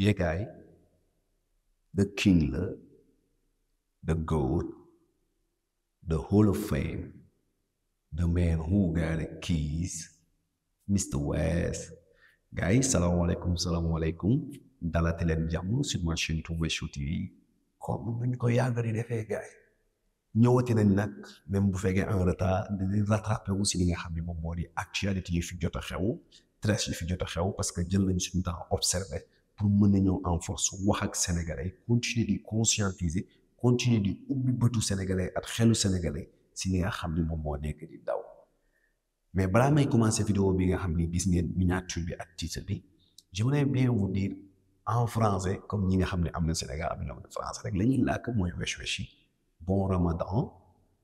yéegaay the king la the goat the hall of fame the man who got the keys Mr West gars yi salaamaaleykum salaamaaleykum dalate leen jàmm sur ma chaîne Touba Show TV comme nañ ko yàgg di defee gars yi ñëwati nañ nag même bu fekkee en retard dinañ rattrapé wu si li nga xam ne moom moo di actualité ñu fi jot a xew treize yi fi jot a xew parce que jël nañ suñu temps observé pour mën a ñëw en force wax ak sénégalais continuer di conscientiser continuer di ubbi bëtu sénégalais ak xelu sénégalais si li nga xam ni moom moo nekk di daw mais balaa may commencer vidéo bi nga xam ni gis ngeen miniature bi ak titre bi j'aimerais bien vous en français comme ñi nga xam ne am na Sénégal am na français rek la ñuy làkk mooy wesh wesh yi bon ramadan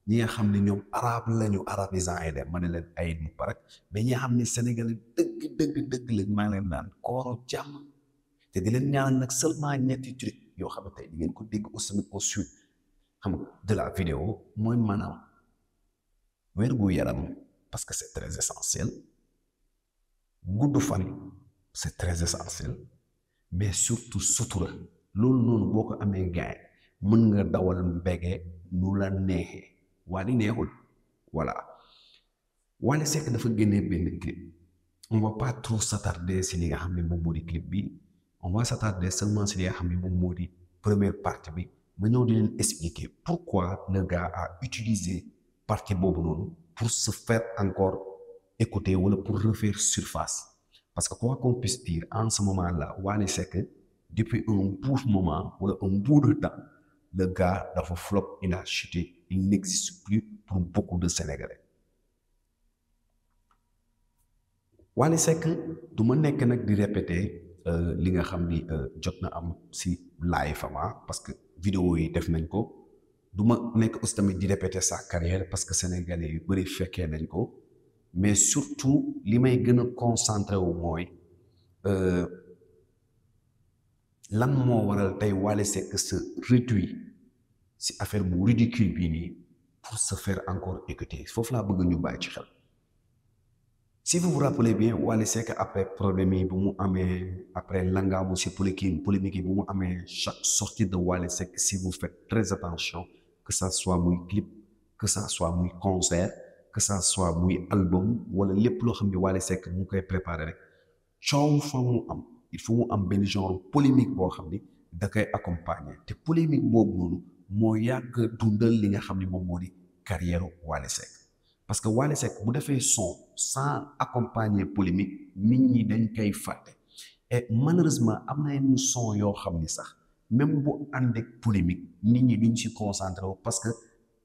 ñi nga xam ne ñoom arabe lañu arabisant ay dem ma ne leen ayit mubarak mais ñi nga xam ne dëgg dëgg dëgg lañ naan kooru jàmm te di leen nag seulement ñetti truc yoo xam ne tey di ngeen ko dégg aussi au sud xam nga de la vidéo mooy maanaam wérgu yaram parce que c'est très essentiel gudd fan c'est très essentiel mais surtout sutura loolu noonu boo ko amee gaay mën nga dawal mbege nu la neexee waali neexul voilà Wally Seck dafa génnee benn clip on pas trop s'attarder si li nga xam ne moom moo clip bi on va s'attarder seulement si li nga xam ne moom moo di première partie bi ma ñëw di leen expliquer pourquoi le gars a utilisé partie boobu noonu pour se faire encore écouter wala pour refaire surface parce que quoi qu'on puisse dire en ce moment là Wally Seck depuis un bout moment wala du ma nekk nag di répéter Euh, li nga xam ni euh, jot na am si laay fama parce que vidéo yi def nañ ko du ma nekk aussi tamit di répéter sa carrière parce que sénégalais yu bëri fekkee nañ ko mais surtout li may gën a concentré wu mooy euh, lan moo waral tey Wally Seck se si affaire bu ridicule bii nii pour se faire encore écouter foofu laa bëgg ñu bàyyi ci xel si vous vous rappelez bien Wally Seck après problème yi bu mu amee après langaamu si polémique polémique yi bu mu amee chaque sortie de Wally Seck si vous faites très attention que ça soit muy clip que ça soit muy concert que ça soit muy album wala lépp loo xam ne Wally Seck mu koy préparé rek coow fa mu am il faut mu am benn genre polémique boo xam ni da koy accompagner te polémique boobu noonu moo yàgg dundal li nga xam ni moom moo di carrière Wally parce que Wally Seck bu defee son sans accompagner polémique nit ñi dañ koy fàtte et malheureusement am na yenn son yoo xam ni sax même bu ànd ak polémique nit ñi duñ ci concentré wu parce que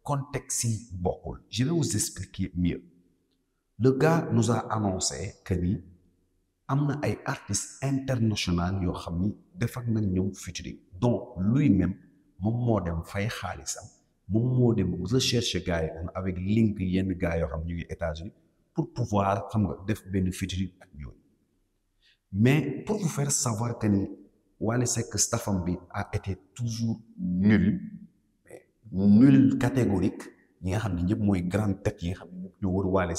contexte yi bokkul je vais vous expliquer mieux le gars nous a annoncé que ni am na ay artistes internationaux yoo xam ni defar nañ ñëw featuring donc lui-même moom moo dem fay xaalisam. moom moo dem recherche gars yi avec link yenn gars yoo xam ñu ngi États-Unis pour pouvoir xam nga def benn featuring ak ñooñu mais pour vous faire savoir que ni Wally Seck staffam bi a été toujours nul nul catégorique ñi nga xam ne ñëpp mooy grande tête yi nga xam ne ñëpp ñoo wër Wally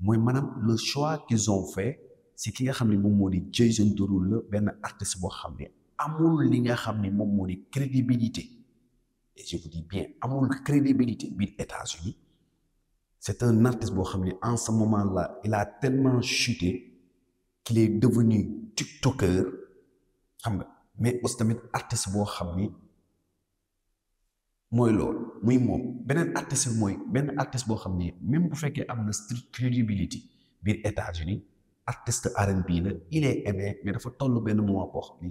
mooy maanaam le choix qu'ils ont fait si ki nga xam ne moom moo ni Jason Derulo la benn artiste boo xam ne amul li nga xam ne moom moo di crédibilité. et je vous bien amul crédibilité biir États-Unis c'est un artiste boo xam ne en ce moment la il a tellement chuté qu'il est devenu xam nga mais aussi tamit artiste boo xam ni mooy loolu muy moom beneen artiste mooy benn artiste boo xam ne même bu fekkee am na street crédibilité biir États-Unis artiste R&B la il est mais dafa tollu benn moment boo xam ni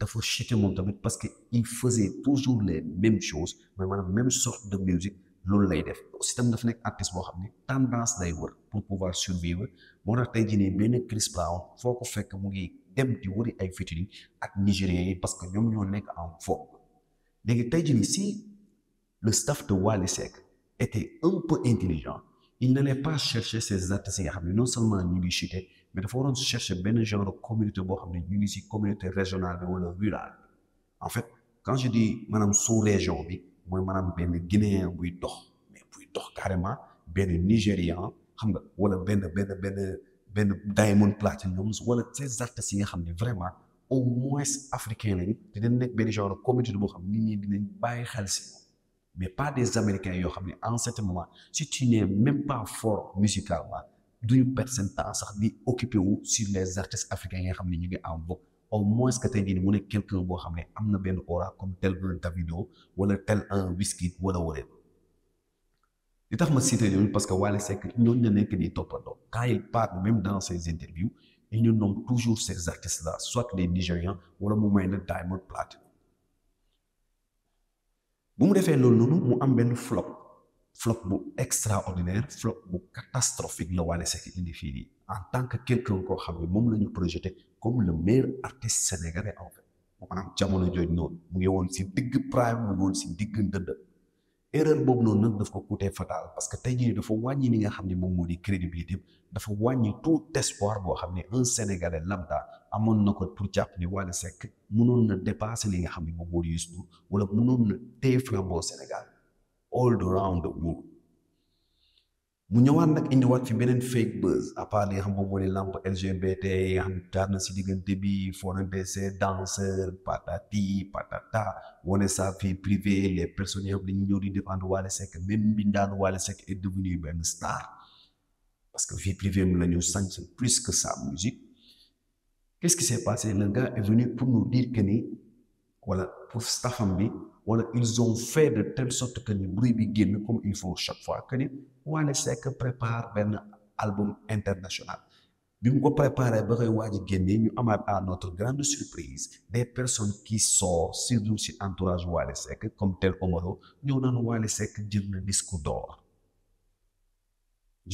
dafa chuté moom tamit parce que il faisait toujours les mêmes choses mooy maanaam même sorte de musique loolu lay def aussi tam dafa nekk artiste boo xam ne tendance lay wër pour pouvoir survivre moo tax tey jii nii benn Chris Brown foo ko fekk mu ngi dem di wëri ay featuring ak nigériens yi parce que ñoom ñoo nekk en vogue léegi tey jii si le staff de Wally Seck était un peu intelligent il n'allait pas chercher ces artistes yi xam ne non seulement ñu ngi chuté mais dafa waroon chercher benn genre communauté boo xam ne ñu ngi si communauté régionale bi wala rurale bi en fait quand je dis maanaam sous région bi mooy maanaam benn guinéen buy dox mais buy dox carrément benn nigérian xam nga wala benn benn benn benn diamond platinum wala ces artistes yi nga xam ne vraiment au moins africain lañu dinañ nekk benn genre communauté boo xam ne nit ñi dinañ bàyyi xel si mais pas des américains yoo xam ne en ce moment si tu n'es même pas fort musicalement duñu perte seen temps sax bi occupé wu sur les artistes africains yi nga xam ne ñu ngi en vogue au moins que tey jii nii mu nekk quelqu'un boo xam ne am na benn aura comme tel un Davido wala tel un Wizkid wala wala li tax ma cité ñooñu parce que Wally Seck ñooñu la nekk di toppandoo quand il parle même dans ses interviews il ñu nomme toujours ces artistes là soit les Nigérians wala mu may na Diamond Platnumz bu mu defee loolu noonu mu am benn flop. flop bu extraordinaire flop bu catastrophique la Wally Seck indi fii nii en tant que quelqu'un koo xam ne moom la ñu projeté comme le meilleur artiste sénégalais en fait maanaam jamono jooju noonu mu ngi si digg prime mu ngi si digg ndënd erreur boobu noonu na daf ko coûté fatal parce que tey jii dafa wàññi li nga xam ne moom moo di crédibilité dafa wàññi tout espoir boo xam ne un sénégalais lambda amoon na ko pour jàpp ni Wally Seck mënoon na dépasser li nga xam ne moom moo di Youssou Ndour wala mënoon na téye Sénégal. all around the world mu ñëwaat nag indiwaat fi beneen fake buzz à part li nga moo di lampe LGBT yi nga xam na si diggante bi fonante ses danseurs patati patata wane sa vie privée les personnes yi xam dañu ñëw di défendre Wally Seck même mbindaan Wally Seck est devenu benn star parce que vie privée mu la ñu sanc plus que sa musique qu'est-ce s'est passé le gars est venu pour nous dire wala pour staffam bi wala ils ont fait de telle sorte que ni bruit bi génn comme il faut chaque fois que ni Wally Seck benn album international bi mu ko préparé ba koy waaj a génnee ñu amaat à notre grande surprise des personnes qui sont surtout si entourage Wally Seck comme tel Omaro ñëw naan Wally sekk jël na disque d'or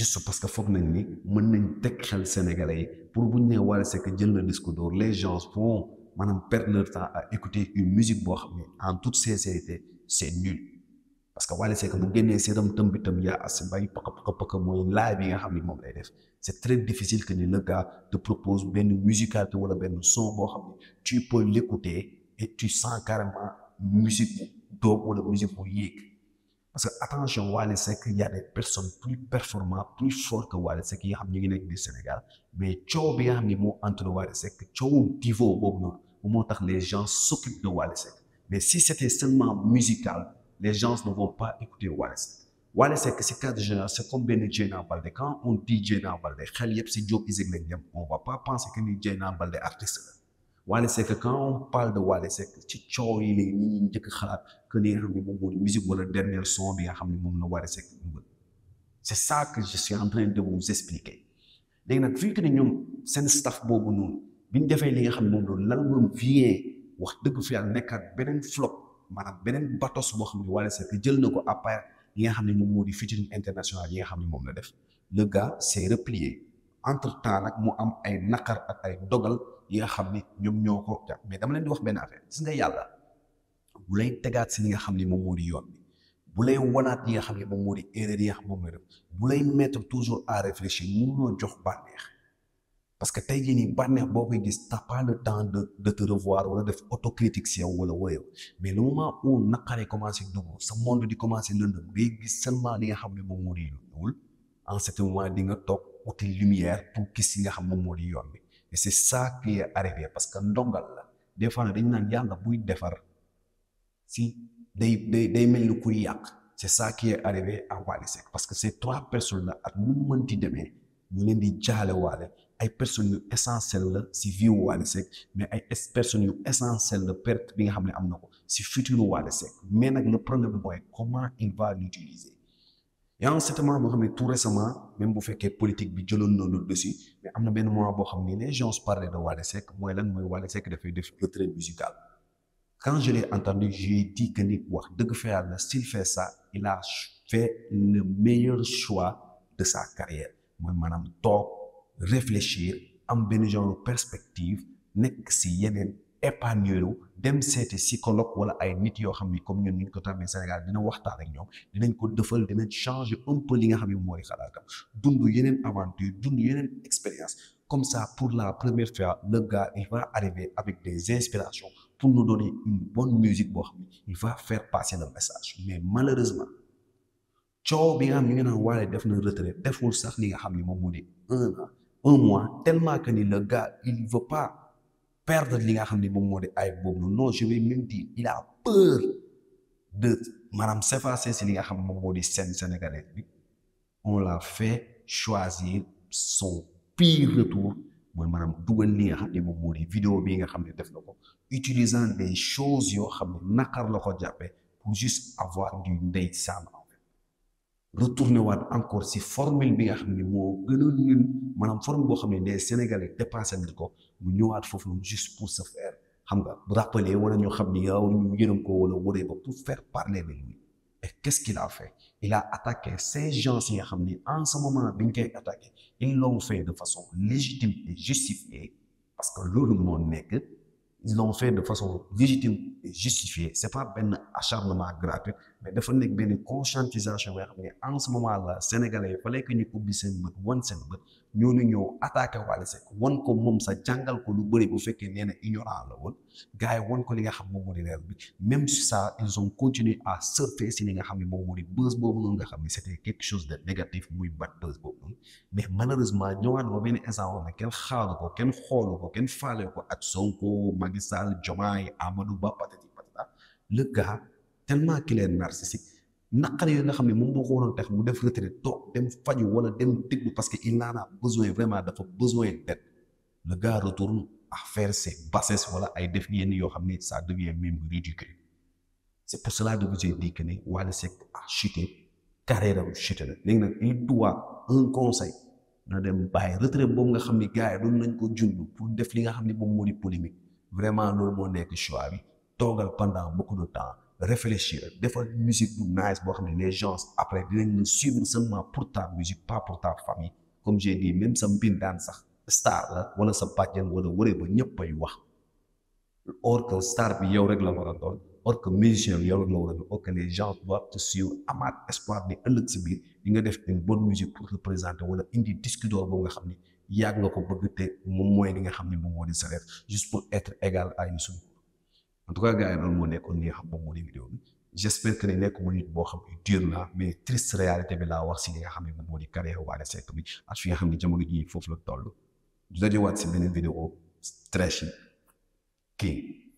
juste parce que foog nañ ni mën nañ teg xel Sénégalais yi pour buñ nee Wally Seck jël na disque d'or les gens vont maanaam perdre leur temps à écouter une musique boo xam ne en toute sincérité c'est nul parce que Wally Seck bu génnee seetam tëm bi tëm yaa as mbay paka paka mooy laay bi nga xam ne moom lay def c'est très difficile que ni le gars te propose benn musicalité wala benn son boo xam ne tu peux l'écouter et tu sens carrément musique bu doog wala musique bu yéeg parce que attention Wally Seck y a des personnes plus performantes plus fortes que Wally Seck yi nga xam ñu ngi nekk biir mais coow bi nga xam ne moo entre Wally Seck coowu bu moo tax les gens s'occupent de Wally Seck mais si c'était seulement musical les gens ne vont pas écouter Wally Seck Wally Seck si cadre général c'est comme benn Dieyna Baldé quand on on va pas penser que on parle de Wally Seck ci coow yi njëkk xalaat que li nga xam ne moom moo di dernier son bi nga xam ni moom la Wally Seck dugal c'est ça que je suis en train de vous expliquer léegi nag vu que ne ñoom seen staff boobu noonu bi ñu defee li nga xam ne moom lan moom vient wax dëgg fi yàlla nekkaat beneen flop a beneen batos boo xam ne Wally Seck jël na ko à part yi nga xam ne moom moo di featuring international yi nga xam ne moom la def le gars s'est replié entre temps nag mu am ay naqar ay dogal yi nga xam ne ñoom ñoo ko jàpp mais dama leen di wax benn affaire gis nga yàlla bu lay tegaat si li nga xam ne moom di yoon bi bu lay wanaat yi nga xam ne moom moo di erreur yi nga xam moom la def bu lay mettre toujours à réfléchir mënuloo jox bànneex parce que tey jii nii bànneex boo koy gis t'as pas le temps de te revoir wala def autocritique si yow wala wóoyow mais le moment où naqaree commencé dugg sa monde di commencé lëndëm ngay gis seulement li nga xam ne moom moo di yoon en ce moment di nga toog uti lumière pour gis li nga xam moom moo di yoon bi et c'est ça qui est arrivé parce que ndongal la des fois dañu naan yàlla buy defar si day day mel ni kuy yàq c'est ça qui est arrivé à Wally Seck parce que ces trois personnes là ak nu mu mënti demee ñu leen di jaale ay personnes yu essentielles la si vie wu Wally Seck mais ay personnes yu essentielles la perte bi nga xam ne am na ko si futur Wally Seck mais nag le problème mooy comment il va l'utiliser yaa ngi certain boo xam ne tout récemment même bu fekkee politique bi jëloon na lu dessus mais am na benn moment boo xam ne les gens parlaient de Wally Seck mooy la mooy Wally Seck dafay def retrait musical quand je l'ai entendu j'ai dit que wax dëgg fa yàlla s'il fait ça il a fait le meilleur choix de sa carrière mooy maanaam réfléchir am benn genre perspective nekk si yeneen épargner wu dem seeti psychologue wala ay nit yoo xam ni comme ñun niñ ko tàmmee Sénégal dina waxtaan ak ñoom dinañ ko dëfal dinañ changer un li nga xam ni mooy xalaatam dund yeneen aventure dund yeneen expérience comme ça pour la première fois le gars il va arriver avec pour nous donner une bonne musique boo xam ne mais malheureusement coow bi nga xam ñu ngi naan Wally def na retrait sax li nga xam ne moom moo di un un mois tellement que ni le gars il veut pas perdre li nga xam ne moom moo di ay boobu noonu non je vais même dire il a peur de maanaam s'effacer si li nga xam moom moo di scène sénégalaise bi on l'a fait choisir son pire retour mooy maanaam dugal li nga xam ne moom moo vidéo bi nga xam ne def na ko utilisant des choses yoo xam ne naqar la ko pour juste avoir du ndeysaan retourné waat encore si formule bi nga xam ne moo gënoon ñun maanaam formule boo xam ne des sénégalais dépensé nañ ko mu ñëwaat foofu noonu juste pour se faire xam nga rappeler wala ñu xam ni yow ñu yërëm ko wala wóoree ba pour faire parler de lui et qu'est-ce qu'il a fait il a attaqué gens yi nga xam ni en ce moment bi ñu koy attaqué ils l'ont fait de façon légitime et justifiée parce que loolu moo nekk ils l'ont fait de façon légitime et justifiée c'est pas benn acharnement gratuit mais dafa nekk benn conscientisation boo xam ne en ce moment là sénégalais yi fallait que ñu ubbi seen bët wan seen bët ñooñu ñëw attaqué Wally Seck wan ko moom sa jàngal ko lu bëri bu fekkee nee na ignorant la woon gars yi wan ko li nga xam moom moo di réel bi même si ça ils ont continué à surfer si li nga xam ne moom moo di buzz boobu noonu nga xam ne c' était quelque chose de négatif muy bad buzz boobu noonu mais malheureusement ñëwaat ba benn instant woon na kenn xaaru ko kenn xoolu ko kenn faale ko ak Sonko Macky Sall Diomaye Amadou Ba patati patata le gars tellement qu'il est narcissique naqar yooyu nga xam ne moom moo ko waroon tax mu def retraite toog dem faju wala dem déglu parce que il en a besoin vraiment dafa besoin d'aide le gars retourne à faire ses bassesses wala ay def yenn yoo xam ni ça devient même ridicule c'est pour cela que j'ai dit que ne Wally Seck a chuté carrière am chuté na léegi nag il doit un conseil na dem bàyyi retraite boobu nga xam ni gars yi doon nañ ko junj pour def li nga xam ne moom moo di polémique vraiment loolu moo nekk choix bi toogal pendant beaucoup réfléchir defa musique bu nice boo xam ne les gens après dinañ la suivre seulement pour ta musique pas pour ta famille comme j'ai dit même sa mbindaan sax star la wala sa bàjjen wala wëree ba ñëpp ay wax or yow rek la war a doon or que musicien bi yow rek la war a doon or que les gens si biir di nga def une bonne musique pour représenter wala indi disque d'or nga xam ne yàgg nga ko bëgg te moom mooy li nga xam ni moom moo di sa juste pour être égal à Youssou en tout cas gars yi loolu moo nekkoon li nga xam moo di vidéo bi j' espère que ne nekk mu nit boo xam ne dur la mais triste réalité bi laa wax si li nga xam ne moom moo i carrière Wally Seck bi ak fi nga xam ne jamono jii foofu la toll du dajewaat si beneen vidéo stretch kii